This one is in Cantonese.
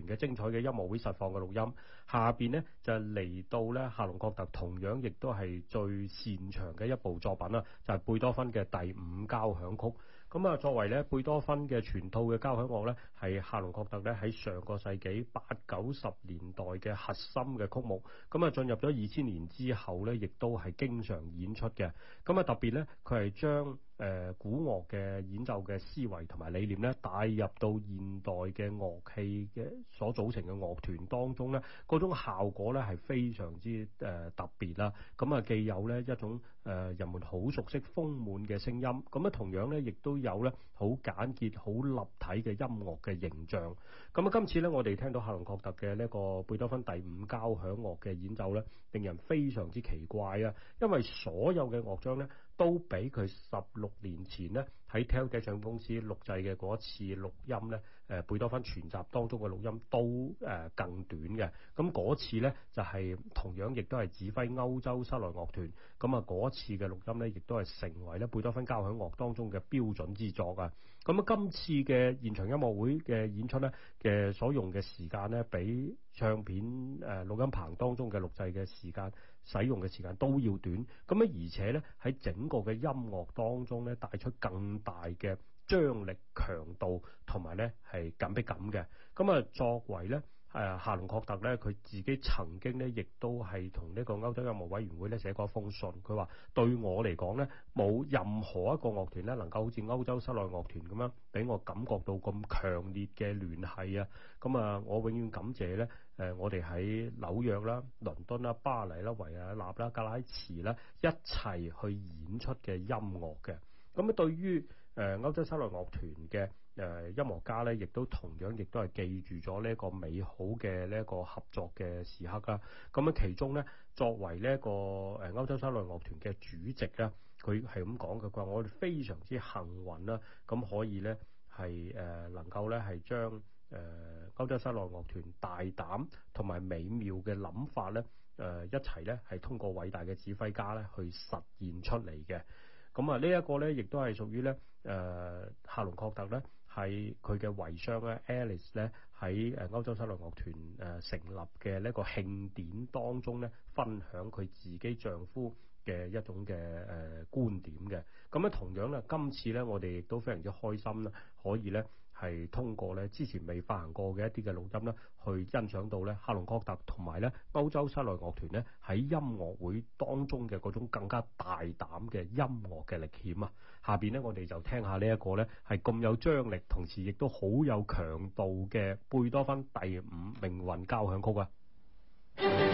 團嘅精彩嘅音樂會，實況嘅錄音，下邊咧就嚟到咧，夏隆國特同樣亦都係最擅長嘅一部作品啦，就係、是、貝多芬嘅第五交響曲。咁啊，作為咧貝多芬嘅全套嘅交響樂咧，係克隆國特咧喺上個世紀八九十年代嘅核心嘅曲目，咁啊進入咗二千年之後咧，亦都係經常演出嘅。咁啊特別咧，佢係將誒古樂嘅演奏嘅思維同埋理念咧，帶入到現代嘅樂器嘅所組成嘅樂團當中咧，嗰種效果咧係非常之誒特別啦。咁啊既有咧一種誒人們好熟悉豐滿嘅聲音，咁啊同樣咧亦都。有咧好簡潔、好立體嘅音樂嘅形象。咁啊，今次咧我哋聽到哈倫庫特嘅呢個貝多芬第五交響樂嘅演奏咧，令人非常之奇怪啊！因為所有嘅樂章咧，都比佢十六年前咧。喺 Tell 嘅唱片公司錄製嘅嗰次錄音咧，誒貝多芬全集當中嘅錄音都誒更短嘅，咁嗰次咧就係同樣亦都係指揮歐洲室內樂團。咁啊嗰次嘅錄音咧，亦都係成為咧貝多芬交響樂當中嘅標準之作啊！咁啊，今次嘅現場音樂會嘅演出咧嘅所用嘅時間咧，比唱片誒、呃、錄音棚當中嘅錄製嘅時間使用嘅時間都要短。咁樣而且咧，喺整個嘅音樂當中咧，帶出更大嘅張力強度同埋咧係緊迫感嘅，咁、嗯、啊作為咧。誒夏隆確特咧，佢自己曾經咧，亦都係同呢個歐洲音樂委員會咧寫過一封信。佢話對我嚟講咧，冇任何一個樂團咧能夠好似歐洲室內樂團咁樣俾我感覺到咁強烈嘅聯繫啊！咁啊，我永遠感謝咧誒，我哋喺紐約啦、倫敦啦、巴黎啦、維也納啦、格拉茨啦一齊去演出嘅音樂嘅。咁啊，對於誒歐洲室內樂團嘅。誒音樂家咧，亦都同樣，亦都係記住咗呢一個美好嘅呢一個合作嘅時刻啦。咁樣其中咧，作為呢一個誒歐洲室內樂團嘅主席咧，佢係咁講嘅，佢話我哋非常之幸運啦，咁可以咧係誒能夠咧係將誒歐洲室內樂團大膽同埋美妙嘅諗法咧誒一齊咧係通過偉大嘅指揮家咧去實現出嚟嘅。咁啊，呢一個咧亦都係屬於咧誒克隆確特咧。係佢嘅遺孀咧，Alice 咧喺誒歐洲新樂樂團誒成立嘅呢個慶典當中咧，分享佢自己丈夫嘅一種嘅誒觀點嘅。咁咧同樣咧，今次咧我哋亦都非常之開心啦，可以咧。係通過咧之前未發行過嘅一啲嘅錄音啦，去欣賞到咧克隆柯特同埋咧歐洲室內樂團咧喺音樂會當中嘅嗰種更加大膽嘅音樂嘅歷險啊！下邊咧我哋就聽下呢一個咧係咁有張力，同時亦都好有強度嘅貝多芬第五命運交響曲啊！